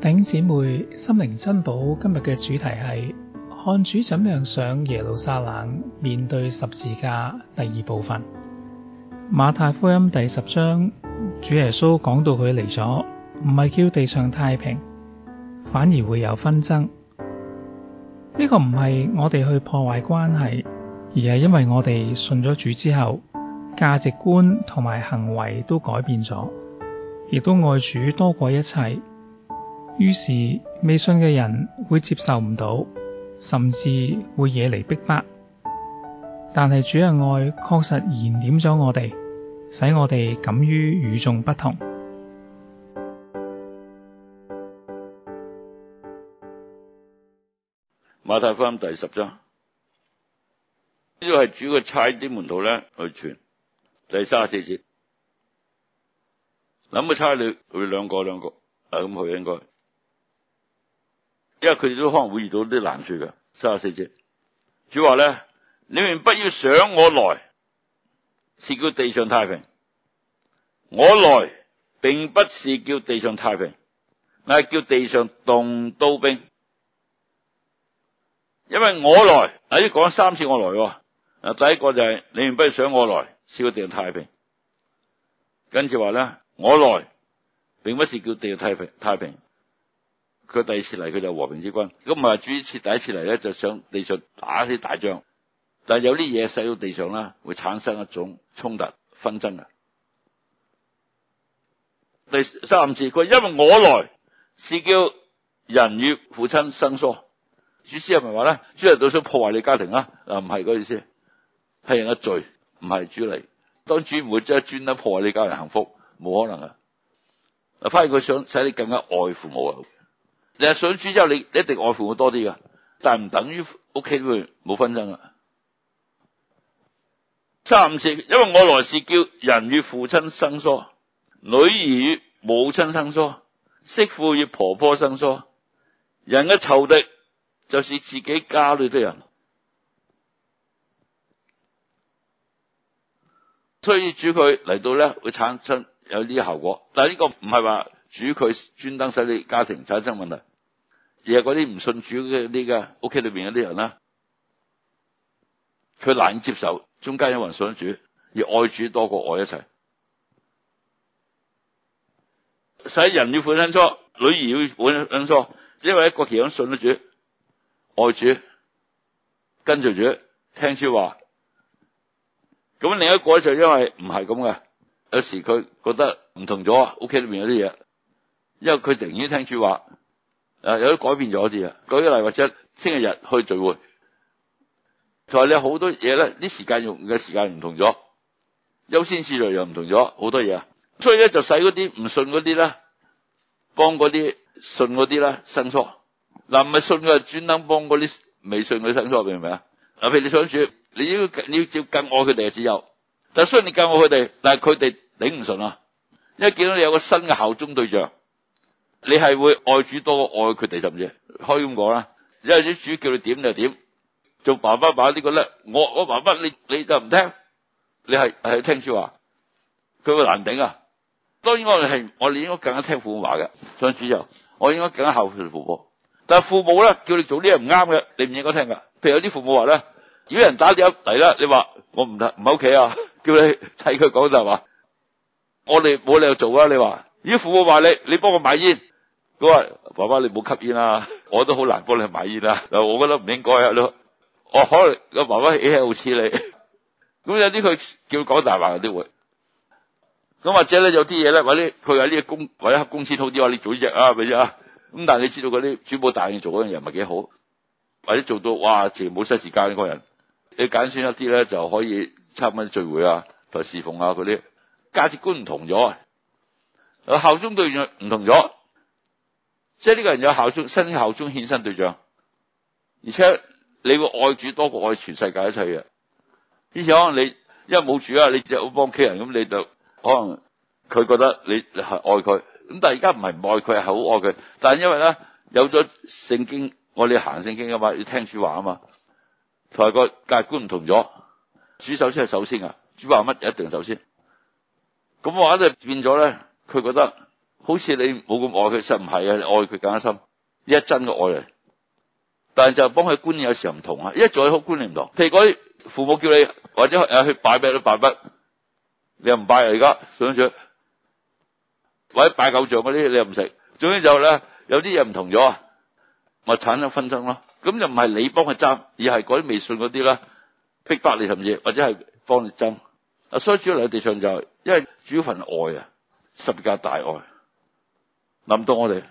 頂姊妹心靈珍寶，今日嘅主題係看主怎樣上耶路撒冷，面對十字架，第二部分。馬太福音第十章，主耶穌講到佢嚟咗，唔係叫地上太平，反而會有紛爭。呢個唔係我哋去破壞關係，而係因為我哋信咗主之後，價值觀同埋行為都改變咗，亦都愛主多過一切。於是未信嘅人會接受唔到，甚至會惹嚟逼迫。但係主嘅愛確實燃點咗我哋，使我哋敢於與眾不同。馬太福音第十章，呢個係主嘅差啲門徒咧去傳，第三十四節諗個差旅佢兩個兩個，係咁佢應該。因為佢哋都可能會遇到啲難處嘅，三十四節。主話咧，你們不要想我來，是叫地上太平。我來並不是叫地上太平，乃是叫地上動刀兵，因為我來，啊，已經講三次我來。啊，第一個就係、是、你們不要想我來，是叫地上太平。跟住話咧，我來並不是叫地上太平太平。佢第二次嚟佢就和平之君，咁唔係主次第一次嚟咧，就想地上打啲大仗。但係有啲嘢使到地上啦，會產生一種衝突紛爭啊。第三次佢因為我來是叫人與父親生疏，主師係咪話咧？主人都想破壞你家庭啊？嗱唔係嗰意思，係人嘅罪，唔係主嚟。當主唔會即係專登破壞你家庭幸福，冇可能啊。嗱，反而佢想使你更加愛父母啊。你上主之後，你你一定愛護佢多啲噶，但係唔等於屋企會冇紛爭噶。三五次，因為我來是叫人與父親生疏，女兒與母親生疏，媳婦與婆婆生疏。人嘅仇敵就是自己家裏的人，所以主佢嚟到咧，會產生有啲效果。但係呢個唔係話主佢專登使你家庭產生問題。而係嗰啲唔信主嘅啲噶屋企裏邊嗰啲人啦，佢難接受。中間有人信主，要愛主多過愛一切。使人要本身疏，女兒要本身疏，因為一個樣信得主，愛主，跟住主，聽主話。咁另一個就是因為唔係咁嘅，有時佢覺得唔同咗啊！屋企裏邊有啲嘢，因為佢寧願聽主話。啊，有啲改變咗啲啊，舉個例，或者星期日去聚會，就係你好多嘢咧，啲時間用嘅時間唔同咗，優先次序又唔同咗，好多嘢啊，所以咧就使嗰啲唔信嗰啲咧，幫嗰啲信嗰啲咧，生疏。嗱，唔係信嘅專登幫嗰啲未信嘅生疏，明唔明啊？啊，譬如你想處，你要你要照更愛佢哋嘅自由。但雖然你更愛佢哋，但係佢哋頂唔順啊，因為見到你有個新嘅效忠對象。你係會愛主多過愛佢哋，係唔係先？可以咁講啦，有啲主叫你點就點，做爸爸把呢覺得我我爸爸你你就唔聽，你係係聽主話，佢會難頂啊！當然我哋係我哋應該更加聽父母話嘅，上主之後我應該更加孝順父母。但係父母咧叫你做啲嘢唔啱嘅，你唔應該聽噶。譬如有啲父母話咧，如果人打你啊嚟啦，你話我唔唔喺屋企啊，叫你替佢講就係嘛，我哋冇理由做啊。你話如果父母話你你幫我買煙？佢話，爸爸你唔好吸煙啦，啊，我都好難幫你去買煙啦。嗱，我覺得唔應該啊。咯，我可能個爸爸起起好似你。咁有啲佢叫講大話嗰啲會，咁或者咧有啲嘢咧，或者佢喺呢啲公或者黑公司好啲，我捏嘴啫啊，咪、就、啫、是、啊。咁但係你知道嗰啲主播大嘅做嗰樣嘢唔係幾好，或者做到哇，成日冇曬時間嗰人，你揀選一啲咧就可以參加啲聚會啊，同侍奉啊嗰啲價值觀唔同咗，效忠對象唔同咗。即係呢個人有效忠，身效忠獻身對象，而且你會愛主多過愛全世界一切嘅。以前可能你因為冇主啊，你只好幫屋企人咁，你就可能佢覺得你係愛佢。咁但係而家唔係唔愛佢，係好愛佢。但係因為咧有咗聖經，我哋行聖經啊嘛，要聽主話啊嘛，同埋個價值觀唔同咗。主首先係首先啊，主話乜一定首先。咁話就變咗咧，佢覺得。好似你冇咁愛佢實唔係啊，你愛佢更加深，一真嘅愛嚟。但係就幫佢觀念有時候唔同啊，一再好觀念唔同。譬如啲父母叫你或者誒去拜咩都拜乜，你又唔拜啊。而家想想，或者拜偶像嗰啲你又唔食。總之就咧有啲嘢唔同咗啊，咪產生紛爭咯。咁就唔係你幫佢爭，而係嗰啲未信嗰啲咧逼迫你甚至或者係幫你爭。啊，所以主要嚟嘅地上就係、是、因為主要份愛啊，十架大愛。諗到我哋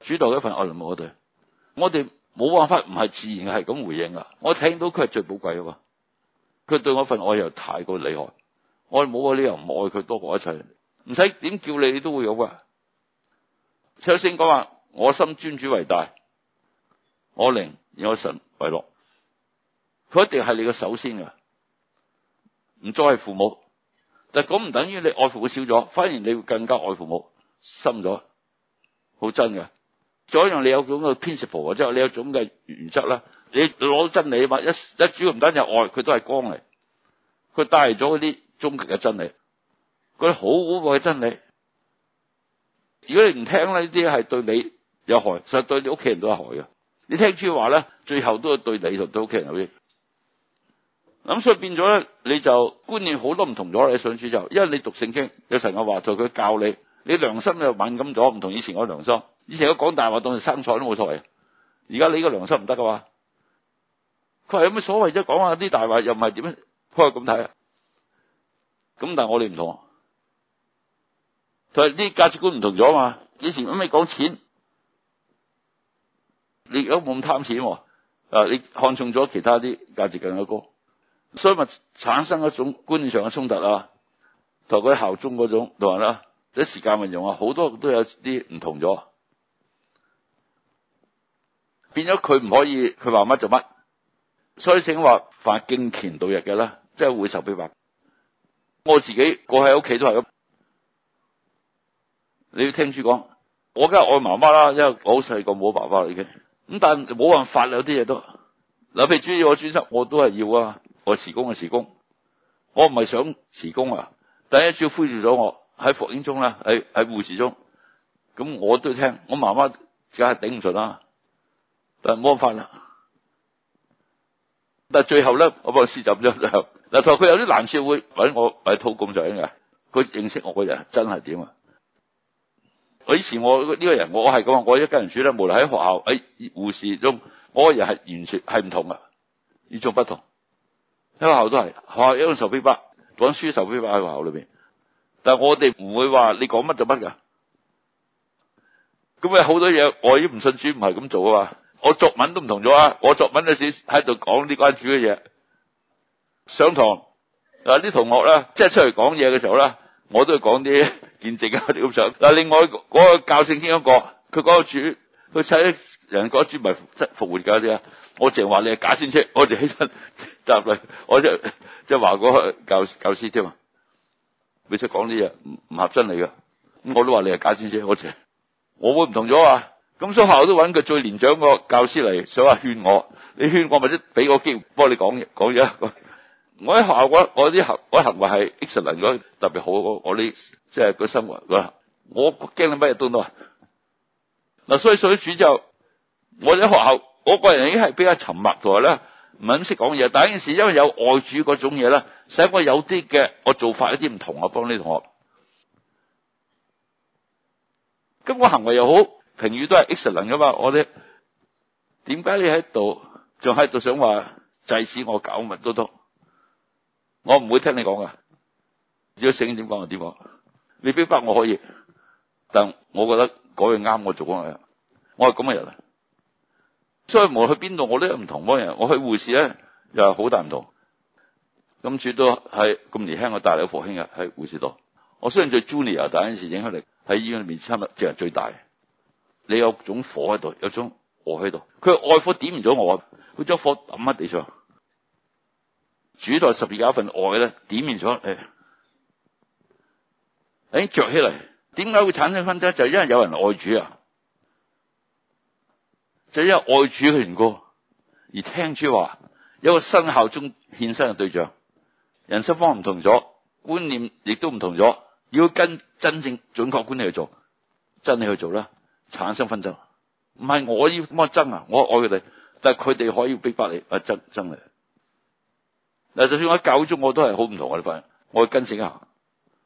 主導嘅一份愛臨我哋，我哋冇辦法，唔係自然係咁回應噶。我聽到佢係最寶貴嘅，佢對我份愛又太過厲害，我冇個理由唔愛佢多過一切。唔使點叫你，你都會有噶。出聲講話，我心尊主為大，我靈以我神為樂。佢一定係你嘅首先噶，唔再係父母。但係咁唔等於你愛父母少咗，反而你會更加愛父母深咗。好真嘅，再一樣，你有種嘅 principle 或者你有種嘅原則啦，你攞真理啊嘛，一一主要唔單止係愛，佢都係光嚟，佢帶嚟咗嗰啲終極嘅真理，佢啲好好嘅真理。如果你唔聽呢啲係對你有害，實對你屋企人都有害嘅。你聽主話咧，最後都係對你同對屋企人有益。咁所以變咗咧，你就觀念好多唔同咗你信主就，因為你讀聖經，有神嘅話就佢教你。你良心又敏感咗，唔同以前我良心。以前我講大話當係生菜都冇所謂，而家你個良心唔得噶嘛？佢係有咩所謂啫？講下啲大話又唔係點樣？佢係咁睇啊？咁但係我哋唔同，佢係啲價值觀唔同咗嘛？以前一味講錢，你如果冇咁貪錢，啊你看重咗其他啲價值更加高，所以咪產生一種觀念上嘅衝突啊！同佢效忠嗰種，同埋啦。啲時間運用啊，好多都有啲唔同咗，變咗佢唔可以，佢話乜做乜，所以先話凡敬虔度日嘅啦，即係會受逼迫白。我自己過喺屋企都係咁，你要聽主講。我梗係愛媽媽啦，因為我好細個冇爸爸嚟嘅。咁，但係冇辦法有啲嘢都嗱，譬如主要我專心，我都係要啊。我辭工就辭工，我唔係想辭工啊，但係要恢住咗我。喺福音中啦，喺喺護士中，咁我都聽，我媽媽梗係頂唔順啦，但係冇法啦，但係最後咧，我幫我試浸咗，最後嗱，佢有啲難處會揾我，揾我討公獎嘅，佢認識我個人真係點啊？我以前我呢個人，我係咁，我一家人住咧，無論喺學校，喺、哎、護士中，我個人係完全係唔同噶，與眾不同，學校都係，學校一本手批筆，講書手批筆喺學校裏邊。但係我哋唔會話你講乜就乜噶，咁啊好多嘢我已經唔信主唔係咁做啊嘛！我作文都唔同咗啊！我作文有時喺度講啲關主嘅嘢。上堂嗱啲同學啦，即係出嚟講嘢嘅時候啦，我都會講啲見證啊，啲咁上。但另外嗰、那個教聖經一個，佢講主，佢睇人講主唔係復活噶啫。我淨係話你係假先知，我哋起身集嚟，我就即係話嗰個教教師添嘛。你識講啲嘢，唔唔合真理噶，咁我都話你係假先生。我謝、就是，我會唔同咗啊？咁所以學校都搵佢最年長個教師嚟，想話勸我，你勸我咪即俾個機會幫你講嘢講嘢。我喺學校嗰我啲行，行，行為係行為係 excellent 㗎，特別好。我我啲即係個生活，我驚你乜嘢都多。嗱，所以所以主就我喺學校，我個人已經係比較沉默同埋啦，唔肯識識講嘢。第一件事因為有外主嗰種嘢啦。使我有啲嘅我做法有啲唔同啊，幫啲同學，咁我行為又好，評語都係 excellent 噶嘛。我哋點解你喺度仲喺度想話制止我搞乜都得？我唔會聽你講噶，如果聖經點講啊點講。你逼迫我可以，但我覺得嗰樣啱我做啊。我係咁嘅人，啊。所以無論去邊度我都有唔同幫人。我去護士咧又係好大唔同。咁主都係咁年輕，輕，我大你個火兄嘅喺護士度。我相信做 Junior，但係嗰陣時影響力喺醫院入面差唔多，正係最大。你有種火喺度，有種愛喺度。佢愛火點燃咗我，佢將火抌喺地上。主就十字架份愛呢，點燃咗誒誒著起嚟。點解會產生分爭？就因為有人愛主啊，就因為愛主嘅緣故而聽主話，有一個新效忠獻身嘅對象。人生方唔同咗，觀念亦都唔同咗，要跟真正準確觀念去做，真理去做啦，產生紛爭。唔係我要幫爭啊，我愛佢哋，但係佢哋可以逼迫你啊，爭爭你。嗱，就算喺教會中，我都係好唔同我哋反我去跟醒一下。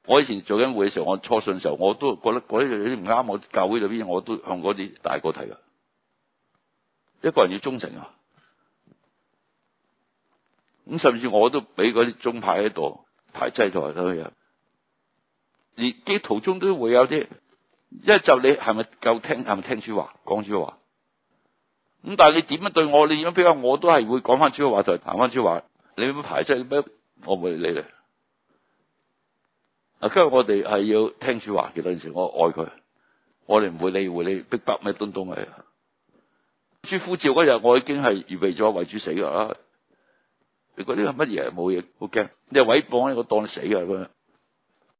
我以前做緊會嘅時候，我初信嘅時候，我都覺得啲有啲唔啱我。教會裏面，我都向嗰啲大哥睇噶。一個人要忠誠啊！咁甚至我都俾嗰啲宗派喺度排擠咗佢入，而啲途中都會有啲，一就你係咪夠聽係咪聽主話講主話？咁但係你點樣對我，你點樣比較我，我都係會講翻主話就行翻主話。你點樣排擠，我唔會理你。啊，今日我哋係要聽主話嘅，到時我愛佢，我哋唔會理會理迫你逼迫咩東東嘅。主呼召嗰日我已經係預備咗為主死啦。嗰啲係乜嘢？冇嘢，好驚，你毀謗我，我當死。